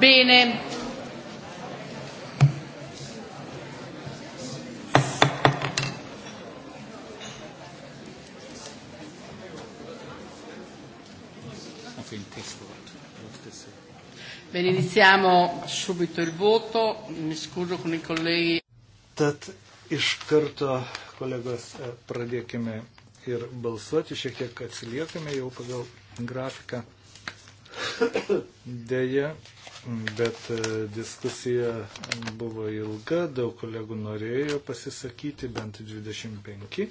Bene. Bene, iniziamo subito il voto. Mi scuso con i colleghi. Tad iš karto, kolegos, e, pradėkime ir balsuoti, šiek tiek atsiliekame jau pagal grafiką. Deja, bet e, diskusija buvo ilga, daug kolegų norėjo pasisakyti, bent 25.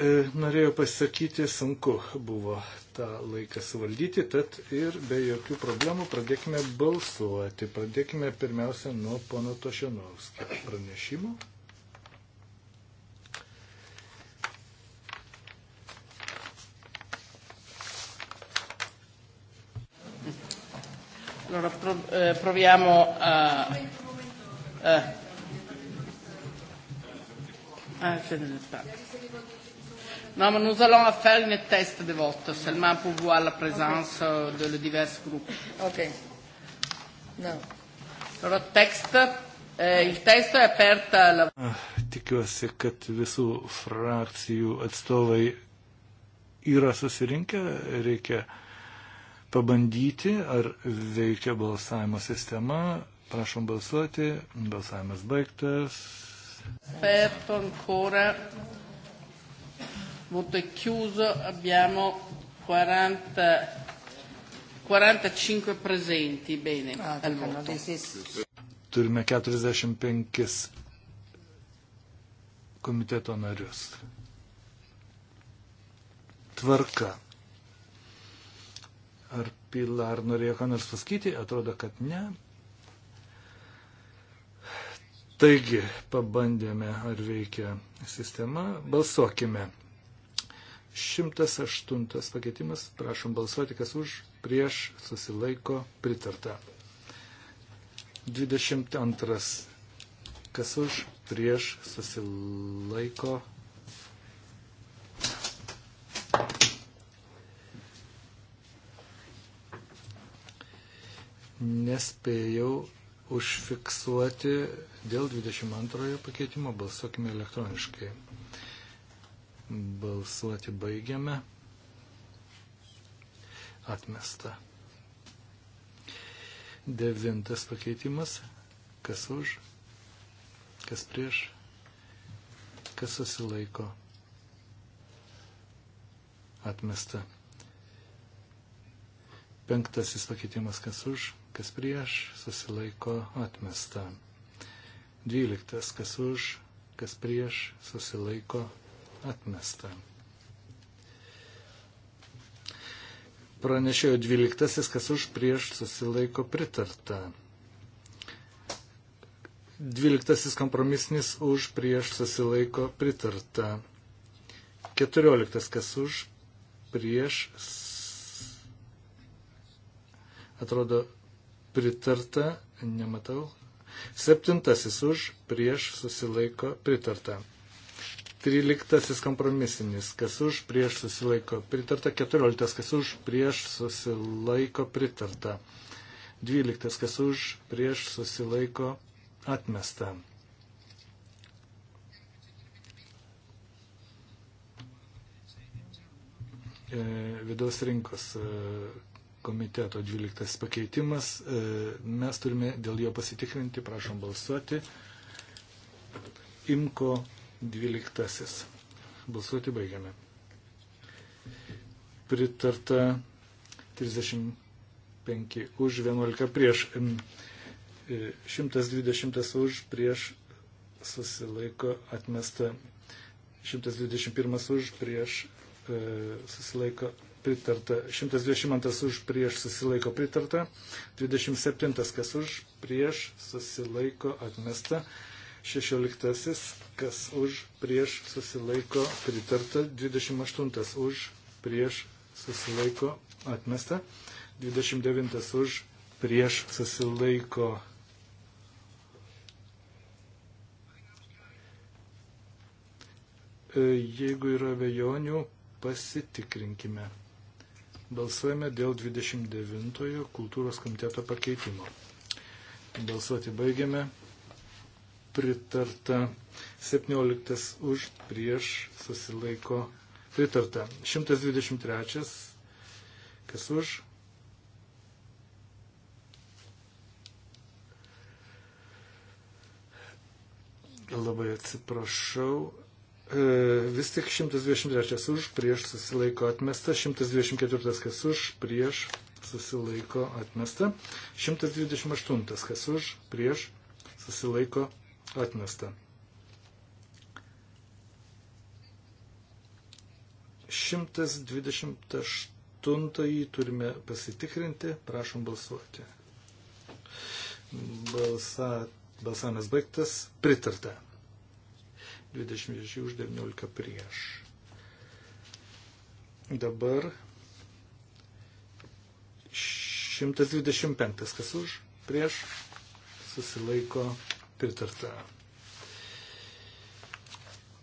E, Norėjau pasisakyti, sunku buvo tą laiką suvaldyti, tad ir be jokių problemų pradėkime balsuoti. Pradėkime pirmiausia nuo pono Tošinovskio pranešimo. Allora pro- eh, proviamo a... Eh. Ah, c'è Non, mais nous allons faire une test de vote, seulement pour voir la présence okay. Euh, de les divers groupes. Ok. No. Allora, text, eh, il testo è aperta la... Ah, tikiuosi, kad visų frakcijų atstovai yra susirinkę, reikia uh, pabandyti, ar veikia balsavimo sistema. Prašom balsuoti. Balsavimas baigtas. Aspetto ancora. Voto è chiuso. Abbiamo 40, 45 presenti. Bene, ah, al voto. Turime 45 komiteto narius. Tvarka. Ar Pilar norėjo ką nors pasakyti? Atrodo, kad ne. Taigi, pabandėme, ar veikia sistema. Balsuokime. 108 pakeitimas. Prašom balsuoti, kas už, prieš, susilaiko, pritarta. 22. Kas už, prieš, susilaiko, nespėjau užfiksuoti dėl 22 pakeitimo. Balsuokime elektroniškai. Balsuoti baigiame. Atmesta. Devintas pakeitimas. Kas už, kas prieš, kas susilaiko. Atmesta. Penktasis pakeitimas. Kas už, kas prieš, susilaiko atmesta. 12. kas už, kas prieš, susilaiko atmesta. Pranešėjo 12. kas už, prieš, susilaiko pritarta. 12. kompromisnis už, prieš, susilaiko pritarta. 14. kas už, prieš, atrodo, pritarta, nematau. Septintasis už, prieš susilaiko pritarta. Tryliktasis kompromisinis, kas už, prieš susilaiko pritarta. Keturioliktas, kas už, prieš susilaiko pritarta. Dvyliktas, kas už, prieš susilaiko atmesta. E, vidaus rinkos e, komiteto 12 pakeitimas. E, mes turime dėl jo pasitikrinti, prašom balsuoti. Imko 12. Balsuoti baigiame. Pritarta 35 už 11 prieš. 120 e, už prieš susilaiko atmesta. 121 už prieš e, susilaiko pritarta, 122 už prieš susilaiko pritarta, 27 kas už prieš susilaiko atmesta, 16 kas už prieš susilaiko pritarta, 28 už prieš susilaiko atmesta, 29 už prieš susilaiko atmesta. jeigu yra vėjonių, pasitikrinkime. Balsuojame dėl 29 kultūros komiteto pakeitimo. Balsuoti baigiame. Pritarta 17 už prieš susilaiko. Pritarta 123. Kas už? Labai atsiprašau, E, vis tik 123 už, prieš susilaiko atmesta, 124 kas už, prieš susilaiko atmesta, 128 kas už, prieš susilaiko atmesta. 128 turime pasitikrinti, prašom balsuoti. Balsa, balsavimas baigtas, pritarta. 26 už 19 prieš. Dabar 125. Kas už? Prieš susilaiko pritarta.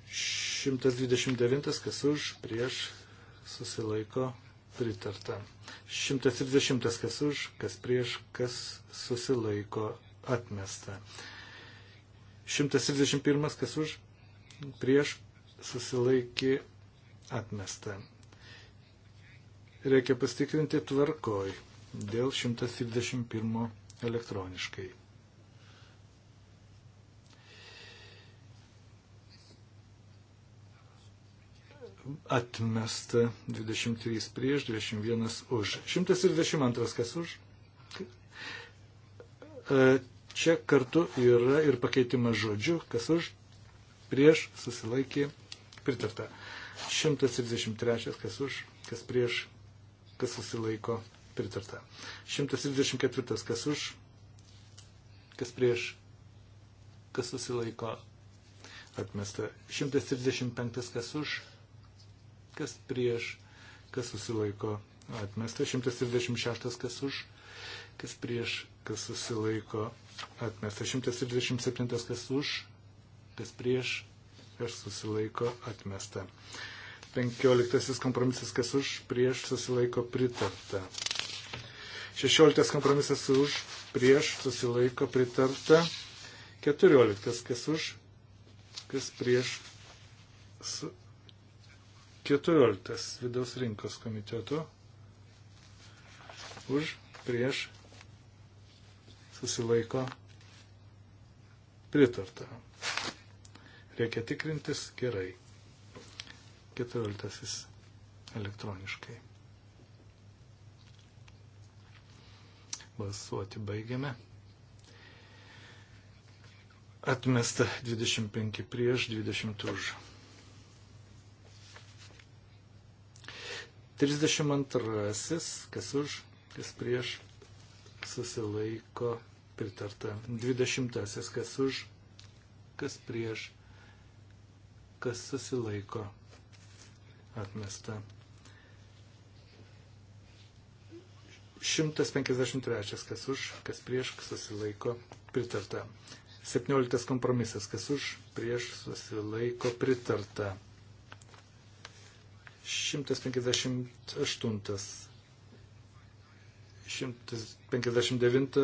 129. Kas už? Prieš susilaiko pritarta. 130. Kas už? Kas prieš? Kas susilaiko atmesta. 131. Kas už? prieš susilaikė atmesta. Reikia pastikrinti tvarkoj dėl 131 elektroniškai. Atmesta 23 prieš, 21 už. 132 kas už? E, čia kartu yra ir pakeitimas žodžiu, kas už, prieš susilaikė pritarta. 133 kas už, kas prieš, kas susilaiko pritarta. 134 kas už, kas prieš, kas susilaiko atmesta. 135 kas už, kas prieš, kas susilaiko atmesta. 136 kas už, kas prieš, kas susilaiko atmesta. 137 kas už, kas prieš, kas susilaiko atmesta. 15 kompromisas, kas už, prieš susilaiko pritarta. 16 kompromisas už, prieš susilaiko pritarta. 14 kas už, kas prieš. Su... 14 vidaus rinkos komiteto. Už, prieš susilaiko pritarta. Reikia tikrintis gerai. 14. Elektroniškai. Balsuoti baigiame. Atmesta 25 prieš, 20 už. 32. Kas už, kas prieš, susilaiko pritarta. 20. Kas už, kas prieš, kas susilaiko atmesta. 153, kas už, kas prieš, kas susilaiko pritarta. 17 kompromisas, kas už, prieš, susilaiko pritarta. 158, 159 e,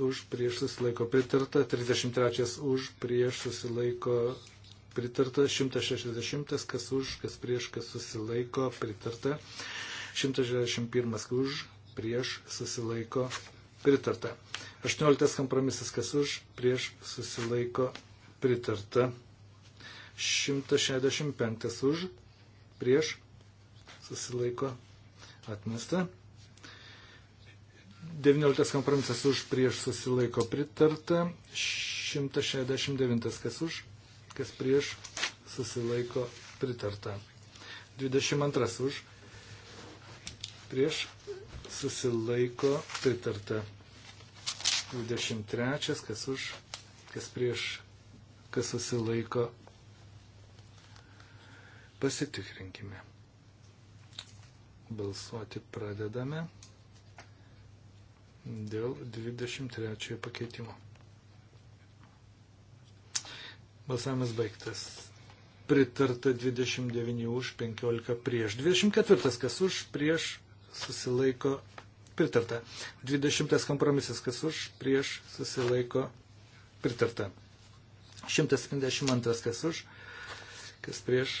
už prieš susilaiko pritarta, 33 už prieš susilaiko pritarta, 160, kas už, kas prieš, kas susilaiko, pritarta, 161, kas už, prieš, susilaiko, pritarta, 18 kompromisas, kas už, prieš, susilaiko, pritarta, 165 už, prieš, susilaiko, atmesta. 19 kompromisas už prieš susilaiko pritarta, 169 kas už, kas prieš susilaiko pritarta. 22 už, prieš susilaiko pritarta. 23 kas už, kas prieš, kas susilaiko. Pasitikrinkime. Balsuoti pradedame dėl 23 pakeitimo. Balsavimas baigtas. Pritarta 29 už 15 prieš. 24 kas už prieš susilaiko pritarta. 20 kompromisas kas už prieš susilaiko pritarta. 152 kas už, kas prieš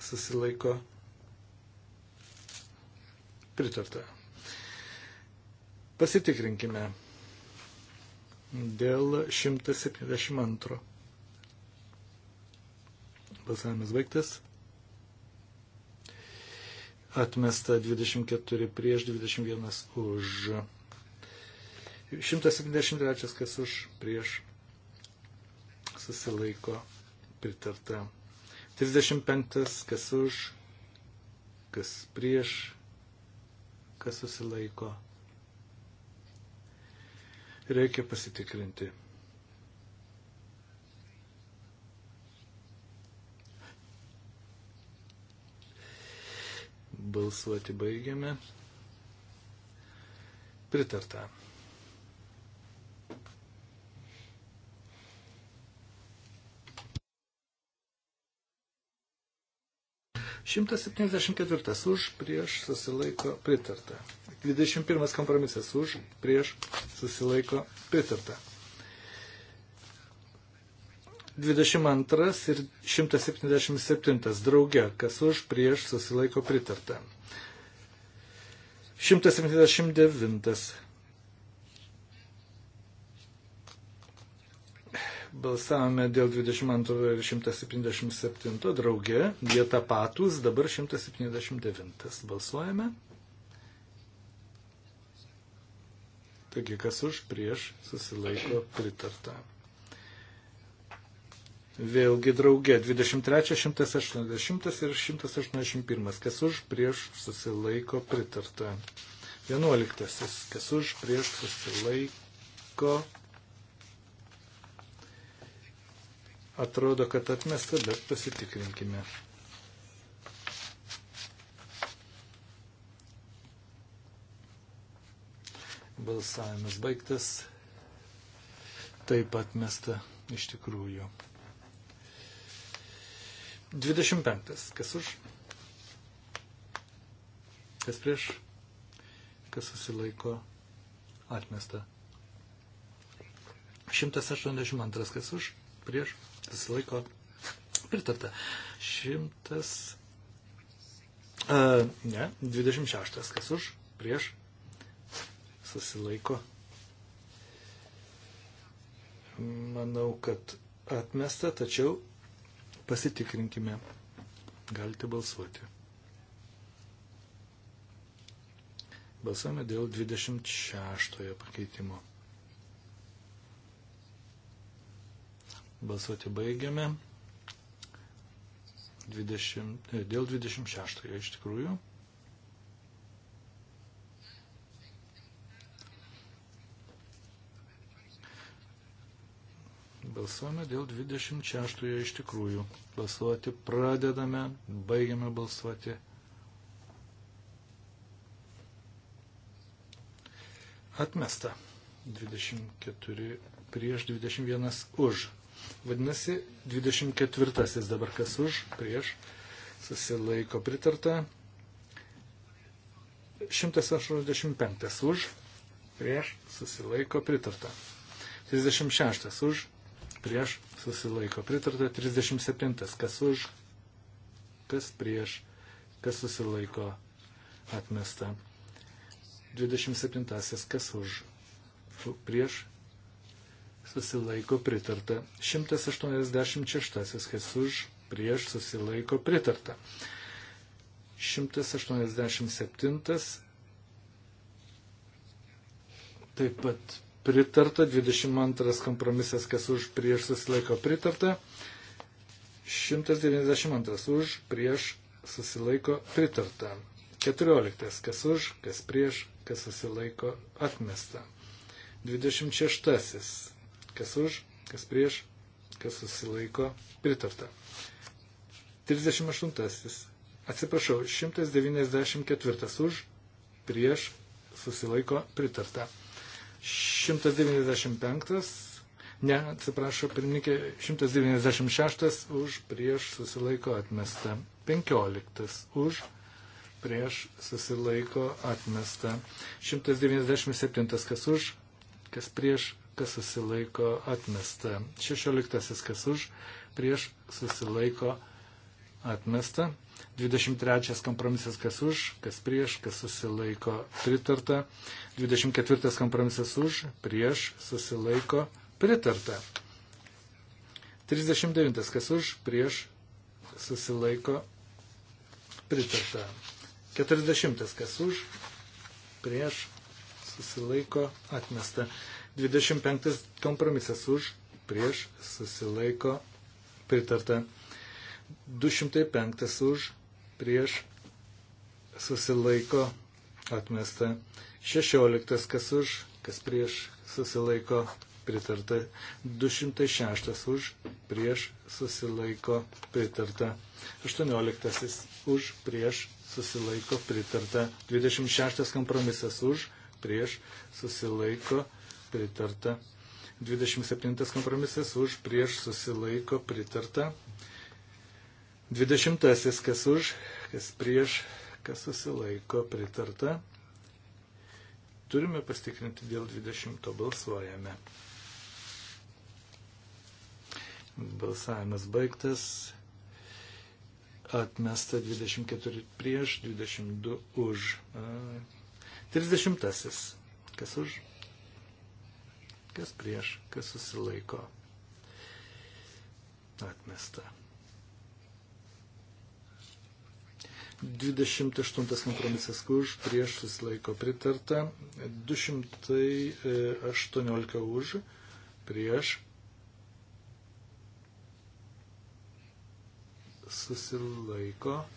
susilaiko pritarta. Pasitikrinkime dėl 172. Balsavimas baigtas. Atmesta 24 prieš 21 už. 173 kas už prieš susilaiko pritarta. 35 kas už, kas prieš, kas susilaiko. Reikia pasitikrinti. Balsuoti baigiame. Pritarta. Šimtas septyniasdešimt ketvirtas už, prieš susilaiko pritarta. Dvidešimt pirmas kompromisas už, prieš susilaiko pritarta. 22 ir 177 drauge, kas už prieš susilaiko pritarta. 179. Balsavome dėl 22 ir 177 drauge, jie tapatus, dabar 179. Balsuojame. Taigi, kas už prieš susilaiko pritarta vėlgi draugė 23, 180 ir 181, kas už prieš susilaiko pritarta. 11, kas už prieš susilaiko. Atrodo, kad atmesta, bet pasitikrinkime. Balsavimas baigtas. Taip atmesta iš tikrųjų. 25. Kas už? Kas prieš? Kas susilaiko? Atmesta. 182. Kas už? Prieš? Susilaiko? Pritarta. 100. Uh, e, ne, 26. Kas už? Prieš? Susilaiko? Manau, kad atmesta, tačiau Pasitikrinkime. Galite balsuoti. Balsame dėl 26 pakeitimo. Balsuoti baigiame. 20, e, dėl 26 iš tikrųjų. Balsuojame dėl 26 iš tikrųjų. Balsuoti pradedame, baigiame balsuoti. Atmesta. 24 prieš 21 už. Vadinasi, 24 dabar kas už, prieš. Susilaiko pritarta. 185 už, prieš, susilaiko pritarta. 36 už, prieš susilaiko pritarta, 37 kas už, kas prieš, kas susilaiko atmesta. 27 kas už, prieš susilaiko pritarta, 186 kas už, prieš susilaiko pritarta. 187 taip pat pritarta, 22 kompromisas, kas už prieš susilaiko pritarta, 192 už prieš susilaiko pritarta, 14 kas už, kas prieš, kas susilaiko atmesta, 26 kas už, kas prieš, kas susilaiko pritarta, 38 atsiprašau, 194 už prieš susilaiko pritarta. 195, ne, atsiprašau, pirmininkė, 196 už prieš susilaiko atmesta. 15 už prieš susilaiko atmesta. 197 kas už, kas prieš, kas susilaiko atmesta. 16 kas už, prieš susilaiko atmesta. 23 kompromisas kas už, kas prieš, kas susilaiko pritarta. 24 kompromisas už, prieš, susilaiko pritarta. 39 kas už, prieš, susilaiko pritarta. 40 kas už, prieš, susilaiko atmesta. 25 kompromisas už, prieš, susilaiko pritarta. 205 už, prieš susilaiko atmesta. 16 kas už, kas prieš susilaiko pritarta. 206 už, prieš susilaiko pritarta. 18 už, prieš susilaiko pritarta. 26 kompromisas už, prieš susilaiko pritarta. 27 kompromisas už, prieš susilaiko pritarta. Dvidešimtasis, kas už, kas prieš, kas susilaiko, pritarta. Turime pastikrinti dėl dvidešimto, balsuojame. Balsavimas baigtas. Atmesta 24 prieš, 22 už. 30. Kas už? Kas prieš? Kas susilaiko? Atmesta. 28 kompromisas už, prieš susilaiko pritarta, 218 už, prieš susilaiko,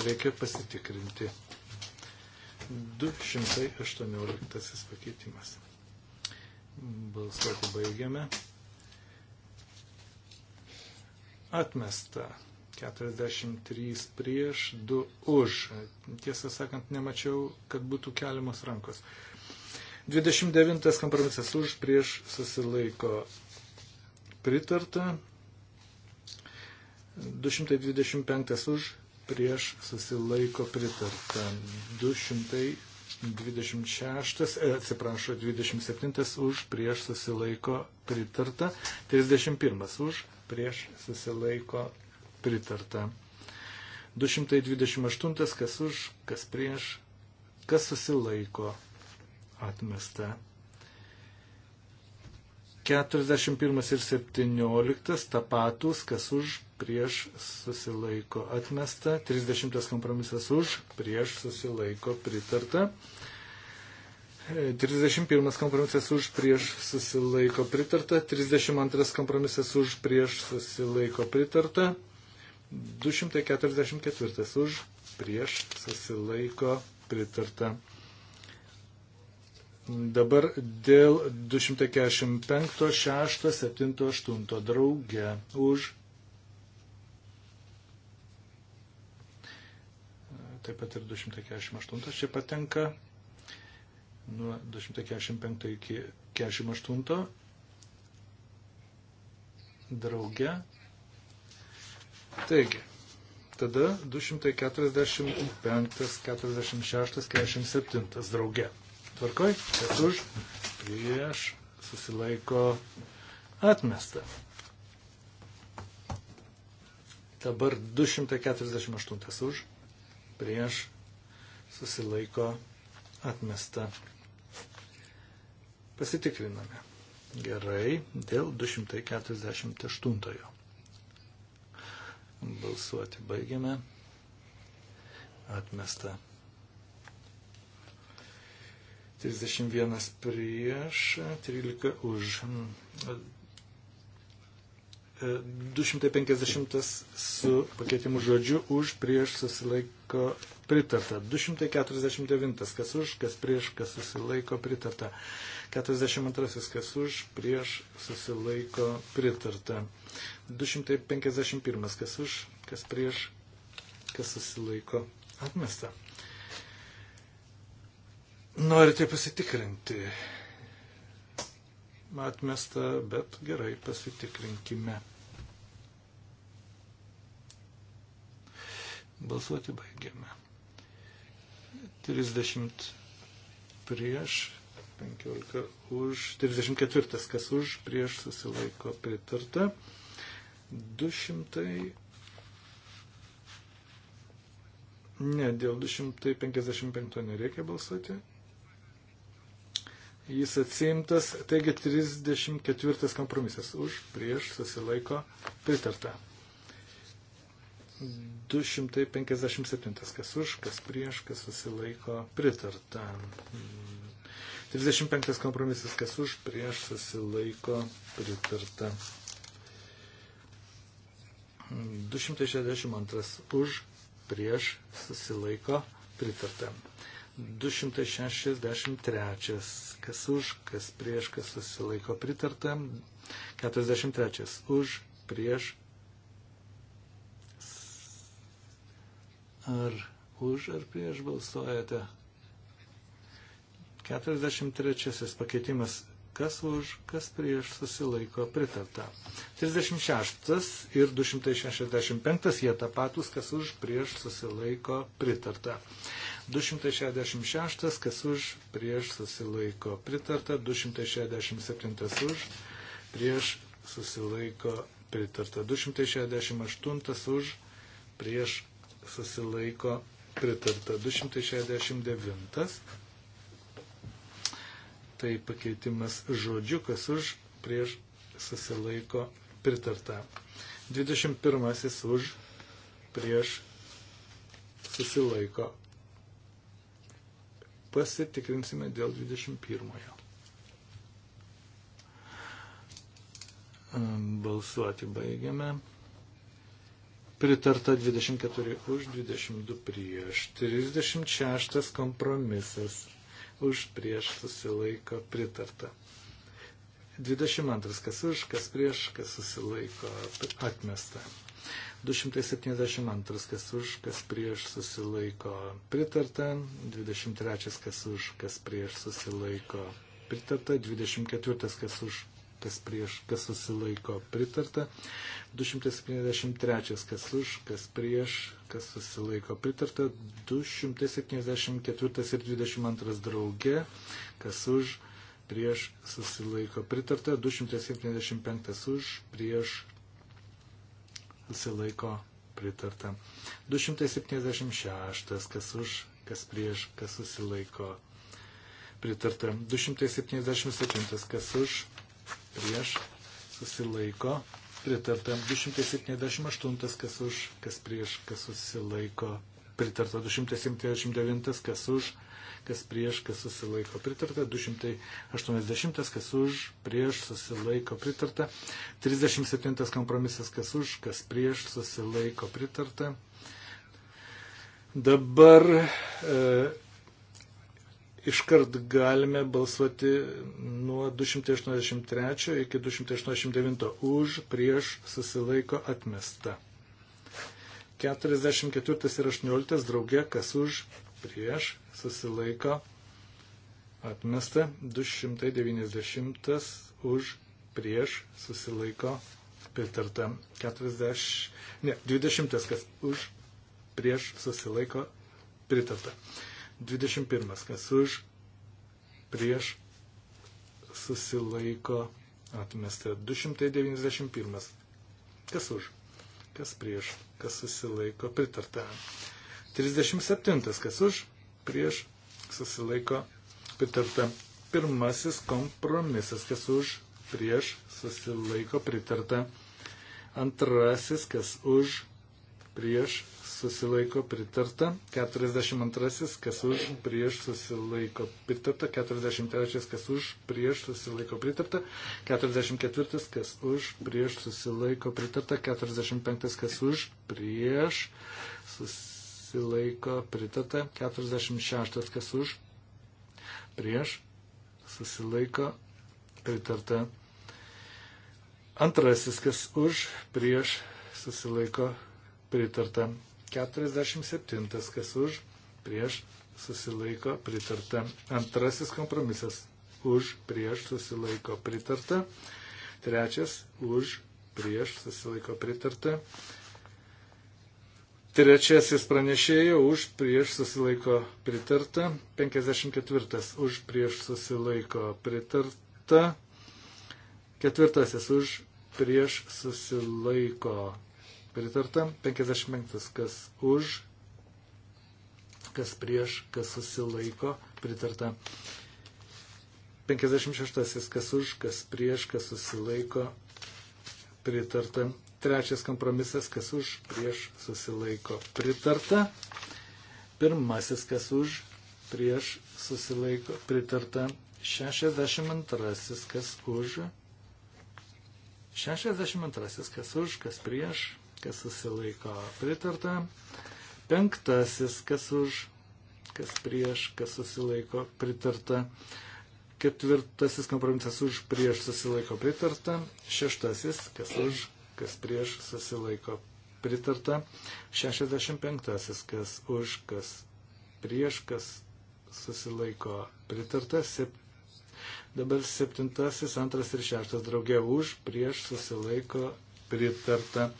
reikia pasitikrinti. 218 pakeitimas. Balsuoti baigiame. Atmesta. 43 prieš, 2 už. Tiesą sakant, nemačiau, kad būtų keliamos rankos. 29 kompromisas už, prieš susilaiko pritarta. 225 už, prieš susilaiko pritarta. 226, e, atsiprašau, 27 už, prieš susilaiko pritarta. 31 už, prieš susilaiko pritarta. 228, kas už, kas prieš, kas susilaiko, atmesta. 41 ir 17 tapatus, kas už, prieš susilaiko atmesta, 30 kompromisas už, prieš susilaiko pritarta, 31 kompromisas už, prieš susilaiko pritarta, 32 kompromisas už, prieš susilaiko pritarta, 244 už, prieš susilaiko pritarta. Dabar dėl 245, 6, 7, 8 draugė už. Taip pat ir 248 čia patenka. Nuo 245 iki 48 draugė Taigi, tada 245, 46, 47 drauge. Tvarkoj, kas už, prieš, susilaiko atmesta. Dabar 248 už, prieš, susilaiko atmesta. Pasitikriname. Gerai, dėl 248. Balsuoti baigiame. Atmesta. 31 prieš, 13 už. 250 su pakeitimu žodžiu už prieš susilaiko pritarta. 249 kas už, kas prieš, kas susilaiko pritarta. 42 kas už, prieš susilaiko pritarta. 251 kas už, kas prieš, kas susilaiko atmesta. Norite pasitikrinti atmesta, bet gerai pasitikrinkime. Balsuoti baigiame. 30 prieš, 15 už, 34 kas už, prieš susilaiko pritarta. 200. Ne, dėl 255 nereikia balsuoti. Jis atsimtas, taigi 34 kompromisas už, prieš susilaiko pritarta. 257. Kas už, kas prieš, kas susilaiko pritarta. 35 kompromisas, kas už, prieš susilaiko pritarta. 262 už, prieš susilaiko pritarta. 263, kas už, kas prieš, kas susilaiko pritarta. 43 už, prieš Ar už ar prieš balsuojate? 43 pakeitimas. Kas už, kas prieš susilaiko pritarta. 36 ir 265 jie tapatus, kas už, prieš susilaiko pritarta. 266 kas už, prieš susilaiko pritarta. 267 už, prieš susilaiko pritarta. 268 už, prieš susilaiko pritarta 269. Tai pakeitimas žodžiu, kas už, prieš susilaiko pritarta. 21 už, prieš susilaiko. Pasitikrinsime dėl 21. Balsuoti baigiame pritarta 24 už, 22 prieš, 36 kompromisas už, prieš susilaiko pritarta. 22 kas už, kas prieš, kas susilaiko atmesta. 272 kas už, kas prieš susilaiko pritarta, 23 kas už, kas prieš susilaiko pritarta, 24 kas už, kas prieš, kas susilaiko pritarta. 273, kas už, kas prieš, kas susilaiko pritarta. 274 ir 22 drauge, kas už, prieš, susilaiko pritarta. 275 už, prieš, susilaiko pritarta. 276, kas už, kas prieš, kas susilaiko pritarta. 277, kas už, prieš, susilaiko, pritarta 278, kas už, kas prieš, kas susilaiko, pritarta 279, kas už, kas prieš, kas susilaiko, pritarta 280, kas už, prieš, susilaiko, pritarta 37 kompromisas, kas už, kas prieš, susilaiko, pritarta. Dabar e, iškart galime balsuoti nuo 283 iki 289 už, prieš, susilaiko atmesta. 44 ir 18 draugė, kas už, prieš, susilaiko atmesta. 290 už, prieš, susilaiko pritarta. 40, ne, 20 kas už, prieš, susilaiko pritarta. 21. Kas už, prieš, susilaiko atmesta. 291. Kas už, kas prieš, kas susilaiko pritarta. 37. Kas už, prieš, susilaiko pritarta. Pirmasis kompromisas. Kas už, prieš, susilaiko pritarta. Antrasis, kas už, prieš, susilaiko pritarta, 42 kas už prieš susilaiko pritarta, 43 kas už prieš susilaiko pritarta, 44 kas už prieš susilaiko pritarta, 45 kas už prieš susilaiko pritarta, 46 kas už prieš susilaiko pritarta. Antrasis kas už prieš susilaiko pritarta pritarta. 47, kas už, prieš susilaiko pritarta. Antrasis kompromisas už, prieš susilaiko pritarta. Trečias už, prieš susilaiko pritarta. Trečiasis pranešėjo už prieš susilaiko pritarta. 54. Už prieš susilaiko pritarta. Ketvirtasis už prieš susilaiko Pritarta 55, kas už, kas prieš, kas susilaiko. Pritarta 56, kas už, kas prieš, kas susilaiko. Pritarta trečias kompromisas, kas už, prieš, susilaiko. Pritarta pirmasis, kas už, prieš, susilaiko. Pritarta 62, kas už. 62, kas už, kas prieš, kas susilaiko pritarta. Penktasis, kas už, kas prieš, kas susilaiko pritarta. Ketvirtasis kompromisas už, prieš susilaiko pritarta. Šeštasis, kas už, kas prieš susilaiko pritarta. 65. kas už, kas prieš, kas susilaiko pritarta. Sep... Dabar 7. 2 ir 6. draugė už, prieš susilaiko pritarta.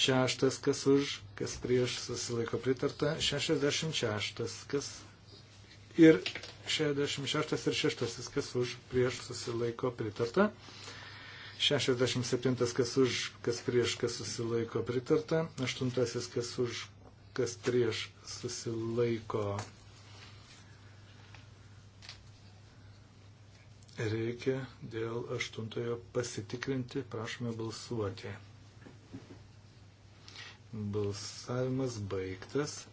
Šeštas, kas už, kas prieš susilaiko pritarta. 66, kas ir 66 ir 6, kas už, prieš susilaiko pritarta. 67, kas už, kas prieš, kas susilaiko pritarta. 8, kas už, kas prieš susilaiko. Reikia dėl aštuntojo pasitikrinti, prašome balsuoti. Balsavimas baigtas.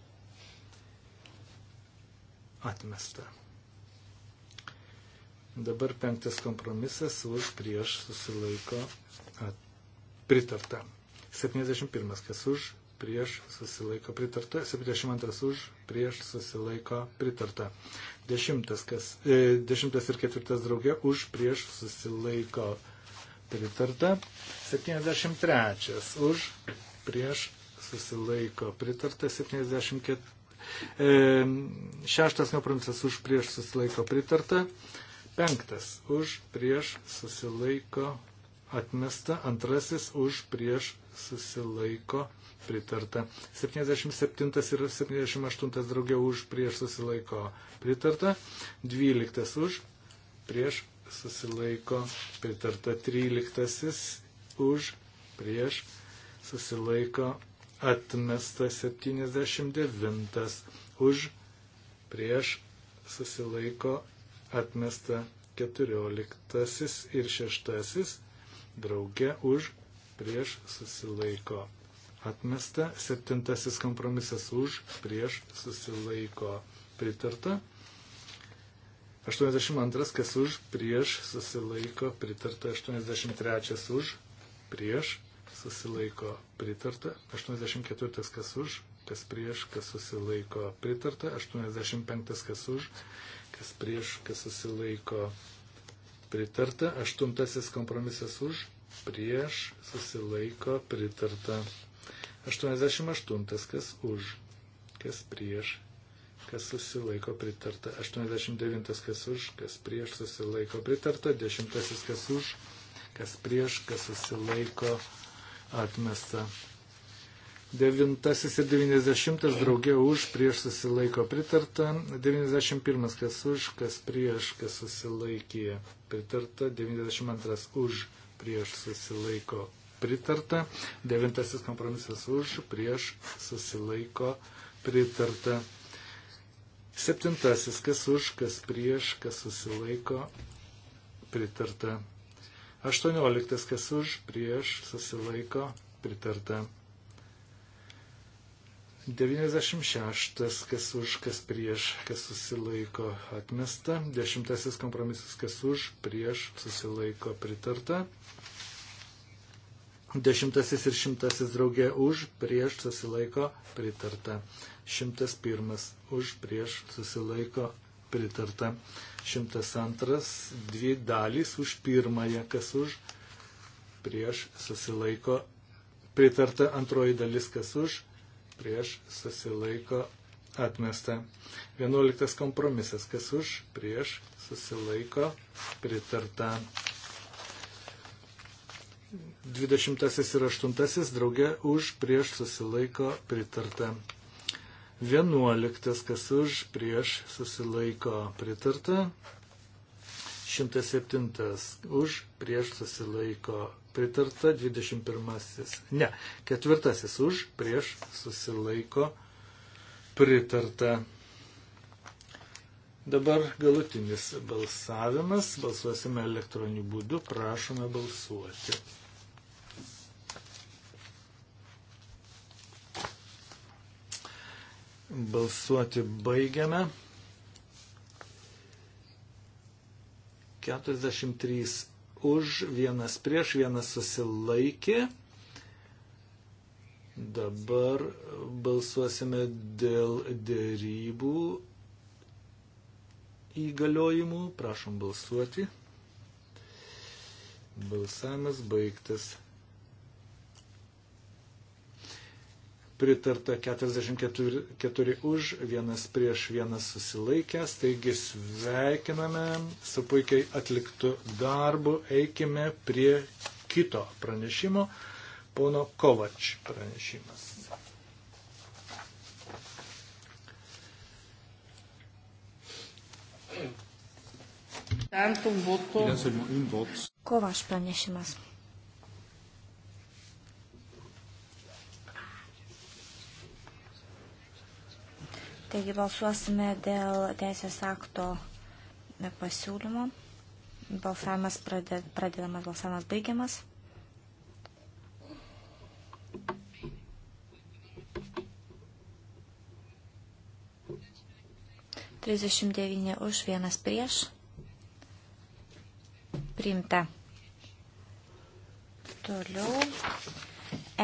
Atmesta. Dabar penktas kompromisas už prieš susilaiko at, pritarta. 71. Kas už prieš susilaiko pritarta. 72. Už prieš susilaiko pritarta. 10. Kas, e, 10 ir 4. Draugė už prieš susilaiko pritarta. 73. Už prieš susilaiko pritarta 74. E, šeštas kompromisas už prieš susilaiko pritarta. Penktas už prieš susilaiko atmesta. Antrasis už prieš susilaiko pritarta. 77 ir 78 draugė už prieš susilaiko pritarta. 12 už prieš susilaiko pritarta. 13 už prieš susilaiko atmestas 79 už prieš susilaiko atmesta 14 ir 6 drauge už prieš susilaiko atmesta 7 kompromisas už prieš susilaiko pritarta 82 kas už prieš susilaiko pritarta 83 už prieš susilaiko pritarta, 84 kas už, kas prieš, kas susilaiko pritarta, 85 kas už, kas prieš, kas susilaiko pritarta, 8 kompromisas už, prieš, susilaiko pritarta, 88 kas už, kas prieš, kas susilaiko pritarta. 89 kas už, kas prieš susilaiko pritarta. 10 kas už, kas prieš, kas susilaiko atmesta. 9 ir 90 draugė už, prieš susilaiko pritarta. 91 kas už, kas prieš, kas susilaikė pritarta. 92 už, prieš susilaiko pritarta. 9 kompromisas už, prieš susilaiko pritarta. 7 kas už, kas prieš, kas susilaiko pritarta. 18. Kas už, prieš, susilaiko, pritarta. 96. Kas už, kas prieš, kas susilaiko, atmesta. 10. Kompromisas. Kas už, prieš, susilaiko, pritarta. 10. ir 100. draugė už, prieš, susilaiko, pritarta. 101. Už, prieš, susilaiko, pritarta. 102, dvi dalys už pirmąją, kas už, prieš susilaiko, pritarta antroji dalis, kas už, prieš susilaiko, atmesta. 11 kompromisas, kas už, prieš susilaiko, pritarta. 20 ir 8 draugė už prieš susilaiko pritarta. 11, kas už, prieš, susilaiko pritarta. 107 už, prieš, susilaiko pritarta. 21, ne, ketvirtasis už, prieš, susilaiko pritarta. Dabar galutinis balsavimas. Balsuosime elektroniniu būdu. Prašome balsuoti. Balsuoti baigiame. 43 už, vienas prieš, vienas susilaikė. Dabar balsuosime dėl dėrybų įgaliojimų. Prašom balsuoti. Balsavimas baigtas. pritarta 44 už, vienas prieš vienas susilaikęs, taigi sveikiname su puikiai atliktu darbu, eikime prie kito pranešimo, pono Kovač pranešimas. Kovač pranešimas. Taigi balsuosime dėl teisės akto pasiūlymo. Balsavimas pradedamas, balsavimas baigiamas. Trisdešimt devyni už, vienas prieš. Priimta. Toliau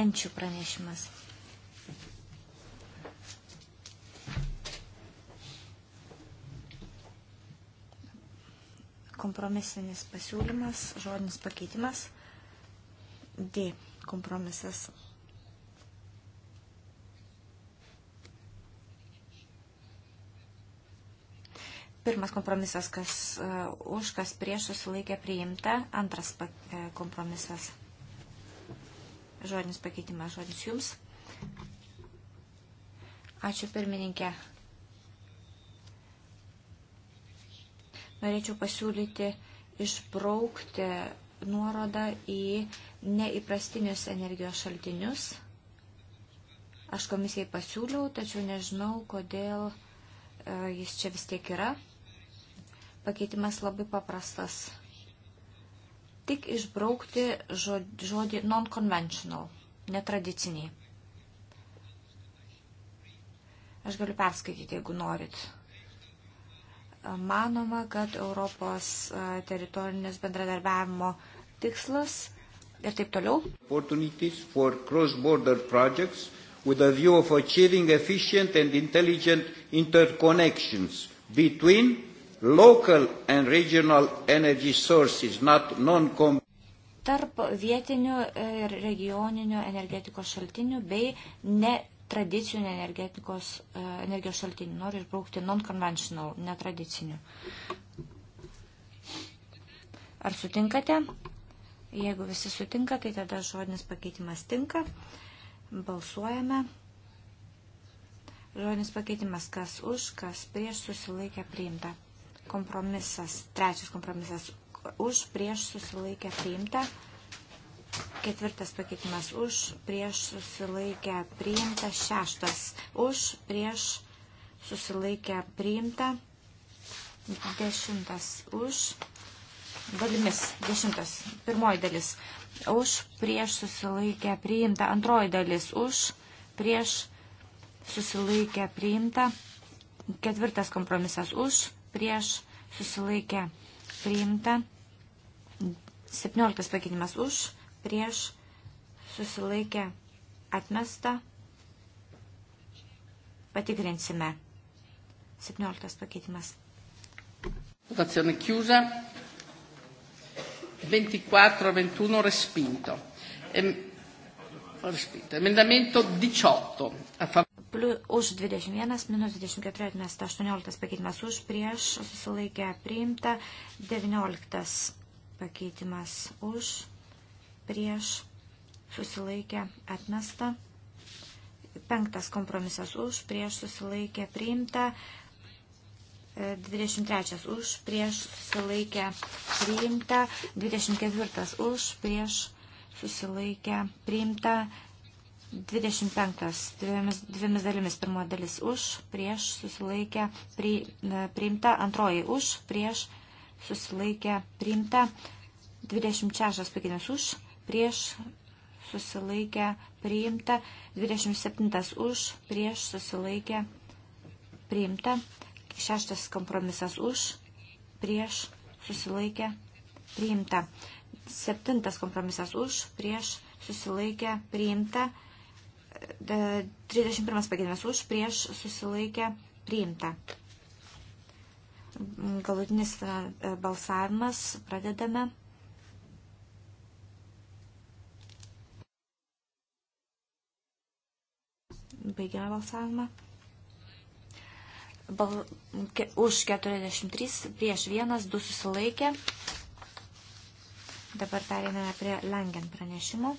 enčių pranešimas. kompromisinis pasiūlymas, žodinis pakeitimas, D kompromisas. Pirmas kompromisas, kas uh, už, kas prieš susilaikė priimta. Antras pa, uh, kompromisas. Žodinis pakeitimas, žodis jums. Ačiū pirmininkė. norėčiau pasiūlyti išbraukti nuorodą į neįprastinius energijos šaltinius. Aš komisijai pasiūliau, tačiau nežinau, kodėl e, jis čia vis tiek yra. Pakeitimas labai paprastas. Tik išbraukti žodį non-conventional, netradiciniai. Aš galiu perskaityti, jeigu norit manoma, kad Europos teritorinės bendradarbiavimo tikslas ir taip toliau. with a view of achieving efficient and intelligent interconnections between local and regional energy sources, not non-com. Tarp vietinių ir regioninių energetikos šaltinių bei ne tradicinių energetikos, e, energijos šaltinių. Noriu išbraukti non-conventional, netradicinių. Ar sutinkate? Jeigu visi sutinka, tai tada žodinis pakeitimas tinka. Balsuojame. Žodinis pakeitimas kas už, kas prieš susilaikę priimta. Kompromisas, trečias kompromisas už, prieš susilaikę priimta. Ketvirtas pakeitimas už, prieš susilaikę priimta. Šeštas už, prieš susilaikę priimta. Dešimtas už. Dalimis. Dešimtas. Pirmoji dalis. Už, prieš susilaikę priimta. Antroji dalis. Už, prieš susilaikę priimta. Ketvirtas kompromisas. Už, prieš susilaikę priimta. Septynioliktas pakeitimas už prieš, susilaikė, atmesta. Patikrinsime. 17 pakeitimas. Votazione chiusa. 24-21 respinto. Ehm, respinto. Emendamento 18. A fav- už 21, minus 24 atmesta, 18 pakeitimas už, prieš susilaikę priimta, 19 pakeitimas už, prieš susilaikę atmesta. Penktas kompromisas už, prieš susilaikę priimta. 23 e, už, prieš susilaikę priimta. 24 už, prieš susilaikę priimta. 25 dviemis, dviemis dalimis. Pirmo dalis už, prieš susilaikę pri, e, priimta. Antroji už, prieš susilaikę priimta. 26 pakinis už, prieš susilaikę priimta, 27 už, prieš susilaikę priimta, 6 kompromisas už, prieš susilaikę priimta, 7 kompromisas už, prieš susilaikę priimta, 31 pagėdimas už, prieš susilaikę priimta. Galutinis e, balsavimas pradedame. Baigiame balsavimą. Bal, ke, už 43, prieš 1, 2 susilaikė. Dabar pereiname prie Langen pranešimo.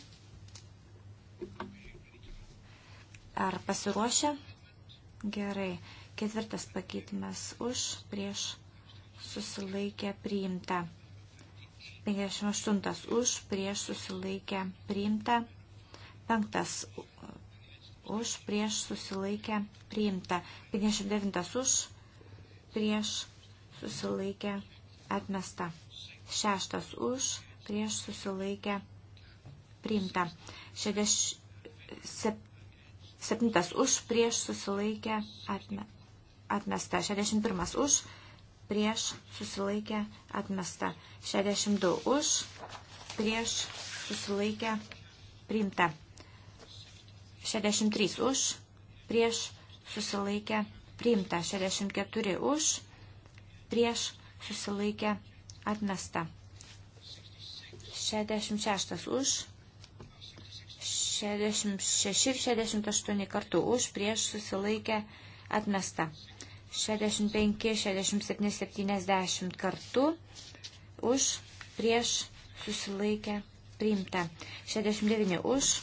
Ar pasiruošę? Gerai. Ketvirtas pakeitimas už, prieš susilaikė priimta. 58 už, prieš susilaikė priimta. Penktas už prieš susilaikę priimta. 59 už prieš susilaikę atmesta. 6 už prieš susilaikę priimta. 7 už prieš susilaikę atmesta. 61 už prieš susilaikę atmesta. 62 už prieš susilaikę priimta. 63 už, prieš susilaikę priimta, 64 už, prieš susilaikę atmesta, 66 už, 66 ir 68 kartų už, prieš susilaikę atmesta, 65, 67, 70 kartų už, prieš susilaikę priimta, 69 už,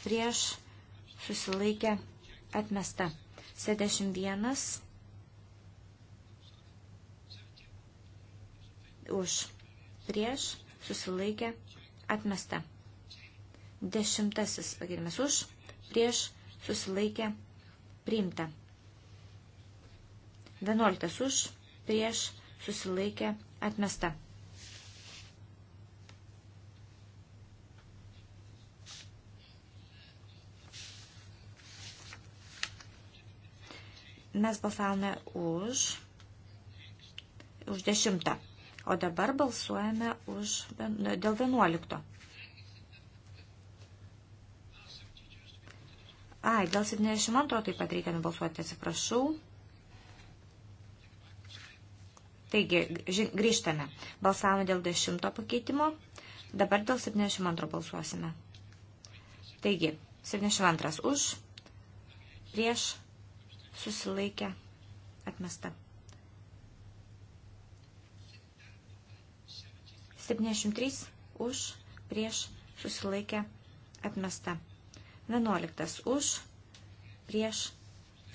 prieš susilaikę atmesta susilaikė atmesta. 71 už prieš susilaikė atmesta. Dešimtasis pagirimas už prieš susilaikė priimta. Vienuoliktas už prieš susilaikė atmesta. Mes balsavome už, už 10, o dabar balsuojame už, dėl 11. Ai, dėl 72 taip pat reikia nubalsuoti, atsiprašau. Taigi, grįžtame. Balsavome dėl 10 pakeitimo, dabar dėl 72 balsuosime. Taigi, 72 už, prieš, susilaikė, atmesta. 73 už, prieš, susilaikė, atmesta. 11 už, prieš,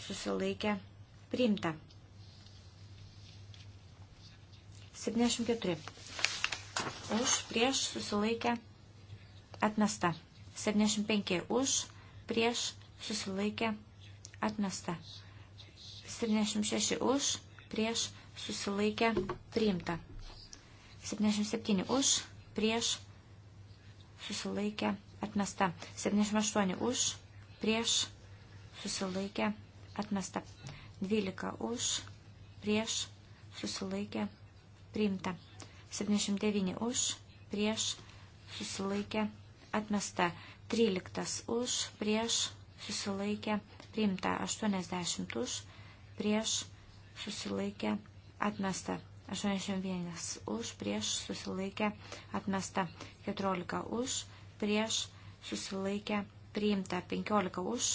susilaikė, priimta. 74 už, prieš, susilaikė, atmesta. 75 už, prieš, susilaikė, atmesta. 76 už, prieš susilaikė priimta. 77 už, prieš susilaikė atmesta. 78 už, prieš susilaikė atmesta. 12 už, prieš susilaikė priimta. 79 už, prieš susilaikė atmesta. 13 už, prieš susilaikė priimta. 80 už, prieš susilaikė atmesta. 81 už, prieš susilaikė atmesta. 14 už, prieš susilaikė priimta. 15 už,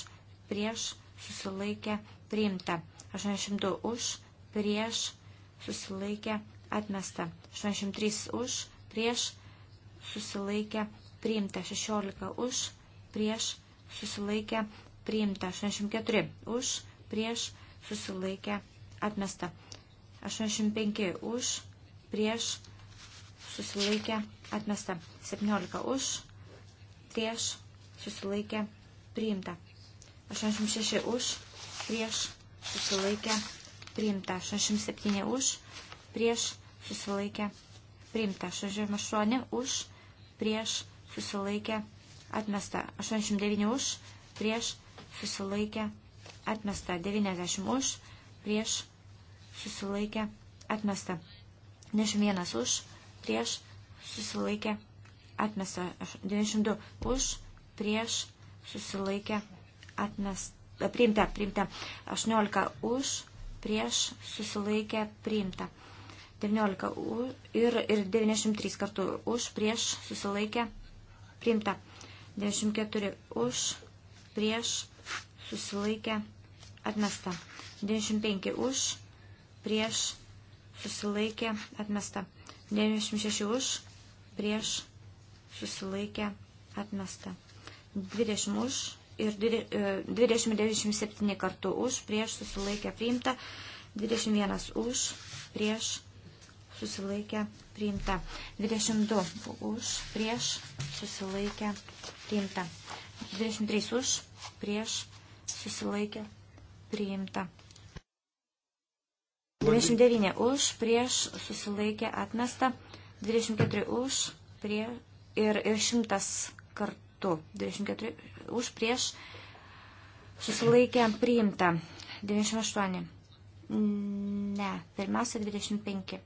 prieš susilaikė priimta. 82 už, prieš susilaikė atmesta. 83 už, prieš susilaikė priimta. 16 už, prieš susilaikė priimta. 84 už, prieš susilaikė priimta prieš susilaikė atmesta. 85 už, prieš susilaikė atmesta. 17 už, prieš susilaikė priimta. 86 už, prieš susilaikė priimta. 87 už, prieš susilaikė priimta. 88 už, prieš susilaikė atmesta. 89 už, prieš susilaikė priimta atmesta susilaikė atmesta 90 už, prieš susilaikė atmesta 91 už, prieš susilaikė atmesta 92 už, prieš susilaikė atmesta priimta, priimta 18 už, prieš susilaikė priimta 19 už, ir, ir 93 kartų už, prieš susilaikė priimta 94 už, prieš susilaikė, atmesta. 95 už, prieš, susilaikė, atmesta. 96 už, prieš, susilaikė, atmesta. 20 už ir 20-97 e, kartų už, prieš, susilaikė, priimta. 21 už, prieš, susilaikė, priimta. 22 už, prieš, susilaikė, priimta. 23 už, prieš, susilaikė, priimta. 29 už, prieš, susilaikė, atmesta. 24 už, prie ir, ir 100 kartų. 24 už, prieš, susilaikė, priimta. 98. Ne, pirmiausia 25.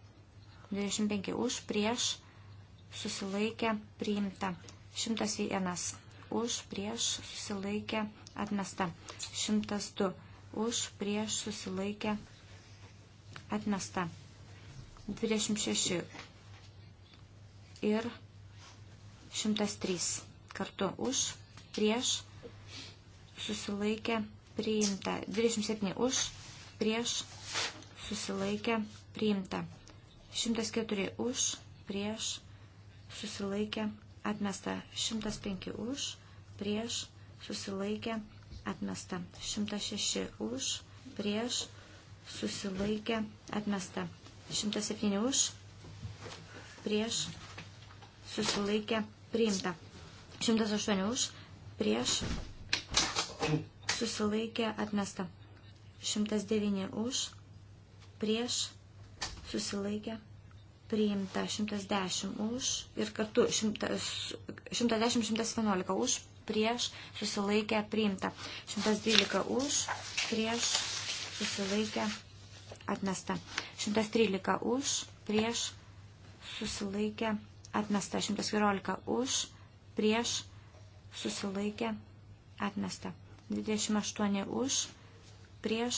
25 už, prieš, susilaikė, priimta. 101 už, prieš, susilaikė, atmesta. 102 už, prieš, susilaikė, atmesta. 26 ir 103 kartu už, prieš, susilaikė, priimta. 27 už, prieš, susilaikė, priimta. 104 už, prieš, susilaikė, atmesta. 105 už, prieš, susilaikė susilaikė, atmesta. 106 už, prieš, susilaikė, atmesta. 107 už, prieš, susilaikė, priimta. 108 už, prieš, susilaikė, atmesta. 109 už, prieš, susilaikė, priimta. 110 už ir kartu 110-111 už, prieš susilaikę priimta. 112 už, prieš susilaikę atmesta. 113 už, prieš susilaikę atmesta. 114 už, prieš susilaikę atmesta. 28 už, prieš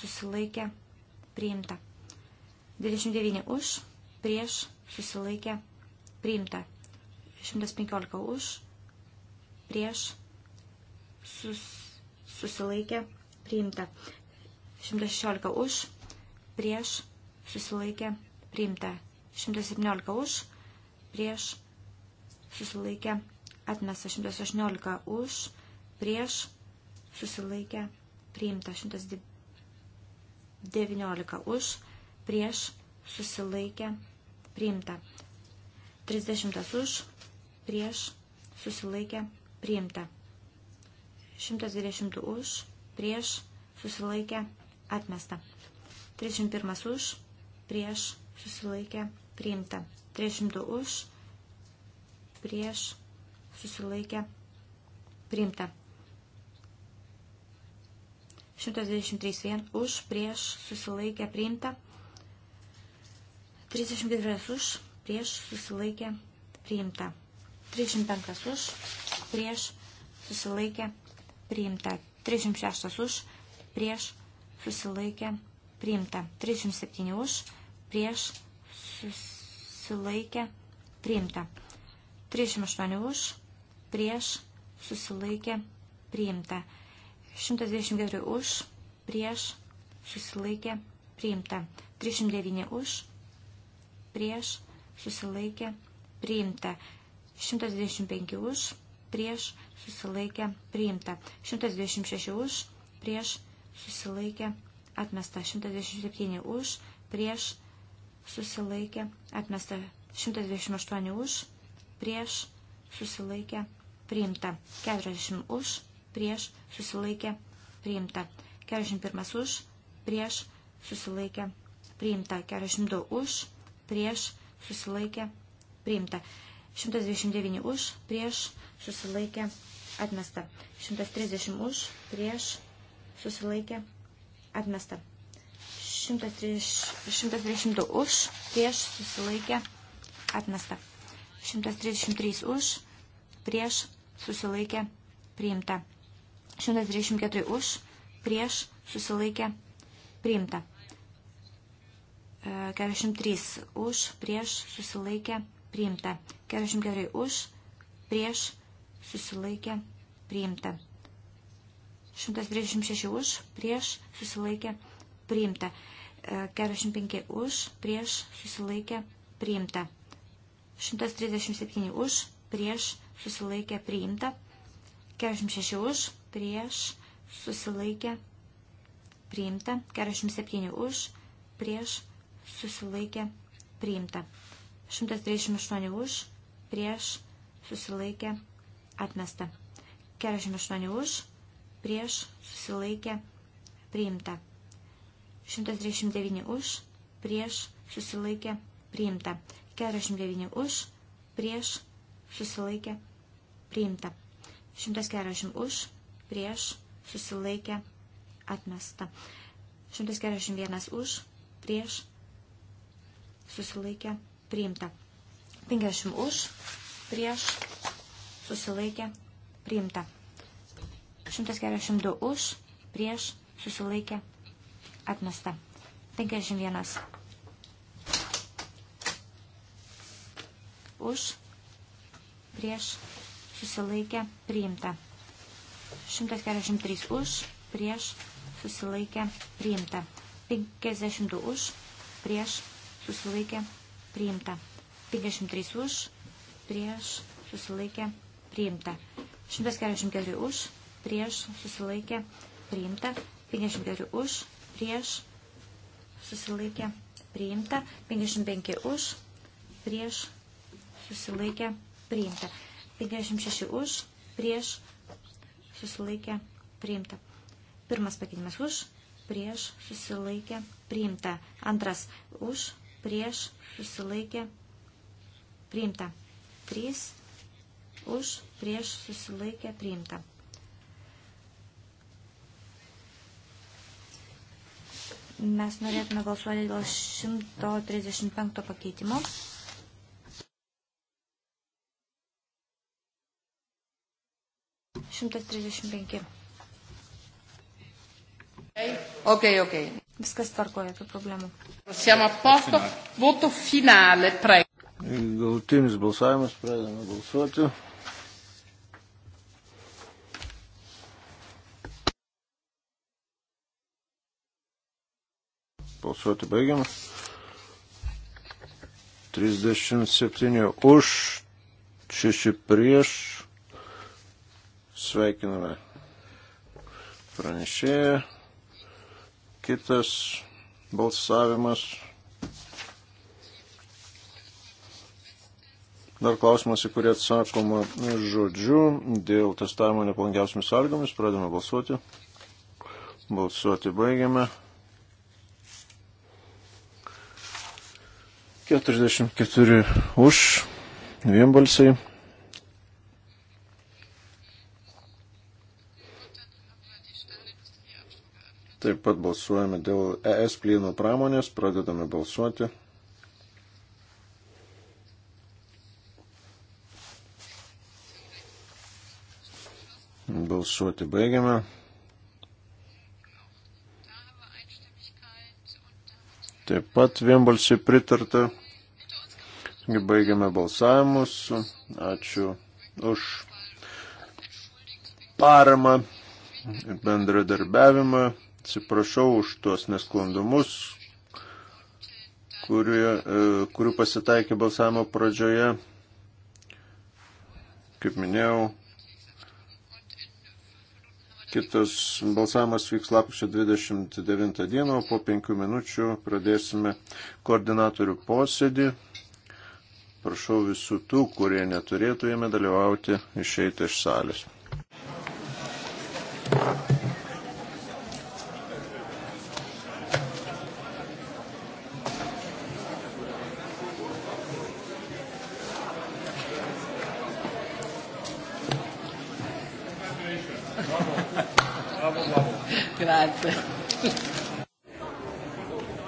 susilaikę priimta. 29 už, prieš susilaikę priimta. 115 už, prieš sus, susilaikė priimta. 116 už, prieš susilaikė priimta. 117 už, prieš susilaikė atmesta. 118 už, prieš susilaikė priimta. 119 už, prieš susilaikė priimta. 30 už, prieš susilaikė priimta priimta. 120 už, prieš, susilaikę, atmesta. 31 už, prieš, susilaikę, priimta. 300 už, prieš, susilaikę, priimta. 123 vien, už, prieš, susilaikę, priimta. 34 už, prieš, susilaikę, priimta. 35 už, prieš, susilaikė, priimta. 306 už, prieš, susilaikė, priimta. 307 už, prieš, susilaikė, priimta. 308 už, prieš, susilaikė, priimta. 124 už, prieš, susilaikė, priimta. 309 už, prieš, susilaikė, priimta. 125 už, prieš susilaikė priimta. 126 už, prieš susilaikė atmesta. 127 už, prieš susilaikė atmesta. 128 už, prieš susilaikė priimta. 40 už, prieš susilaikė priimta. 41 už, prieš susilaikė priimta. 42 už, prieš susilaikė priimta. 129 už, prieš, susilaikė, atmesta. 130 už, prieš, susilaikė, atmesta. 132 už, prieš, susilaikė, atmesta. 133 už, prieš, susilaikė, priimta. 134 už, prieš, susilaikė, priimta. 43 už, prieš, susilaikė, priimta priimta. 44 už, prieš, susilaikė, priimta. 136 už, prieš, susilaikė, priimta. 45 e, už, prieš, susilaikė, priimta. 137 už, prieš, susilaikė, priimta. 46 už, prieš, susilaikė, priimta. 47 už, prieš, susilaikė, priimta. 138 už, prieš, susilaikė, atmesta. 48 už, prieš, susilaikė, priimta. 139 už, prieš, susilaikė, priimta. 49 už, prieš, susilaikė, priimta. 140 už, prieš, susilaikė, atmesta. 141 už, prieš, susilaikė, priimta priimta. 50 už, prieš, susilaikė, priimta. 142 už, prieš, susilaikė, atmesta. 51 už, prieš, susilaikė, priimta. 143 už, prieš, susilaikė, priimta. 52 už, prieš, susilaikė, priimta priimta. 53 už, prieš, susilaikė, priimta. 144 už, prieš, susilaikė, priimta. 54 už, prieš, susilaikė, priimta. 55 už, prieš, susilaikė, priimta. 56 už, prieš, susilaikė, priimta. Pirmas pakeitimas už, prieš, susilaikė, priimta. Antras už, prieš, susilaikė, priimta. 3 už, prieš, susilaikė, priimta. Mes norėtume balsuoti dėl 135 pakeitimo. Šimtas trisdešimt penki. Ok, ok. Viskas tvarkoja, jokių problemų. Siamo a posto, voto finale, prego. Galutinis balsavimas, pradedame balsuoti. Balsuoti baigiam. 37 už, 6 prieš. Sveikiname pranešėją. Kitas balsavimas. Dar klausimas, į kurį atsakoma žodžiu dėl testavimo neplankiausiamis sąlygomis. Pradame balsuoti. Balsuoti baigiame. 44 už, vienbalsiai. Taip pat balsuojame dėl ES plynų pramonės, pradedame balsuoti. Balsuoti baigiame. Taip pat vienbalsiai pritarta. Baigiame balsavimus. Ačiū už paramą ir bendradarbiavimą. Atsiprašau už tuos nesklandumus, kurių, e, kurių pasitaikė balsavimo pradžioje. Kaip minėjau, kitas balsavimas vyks lapkričio 29 dieną, po penkių minučių pradėsime koordinatorių posėdį. Prašau visų tų, kurie neturėtų jame dalyvauti, išeiti iš salės.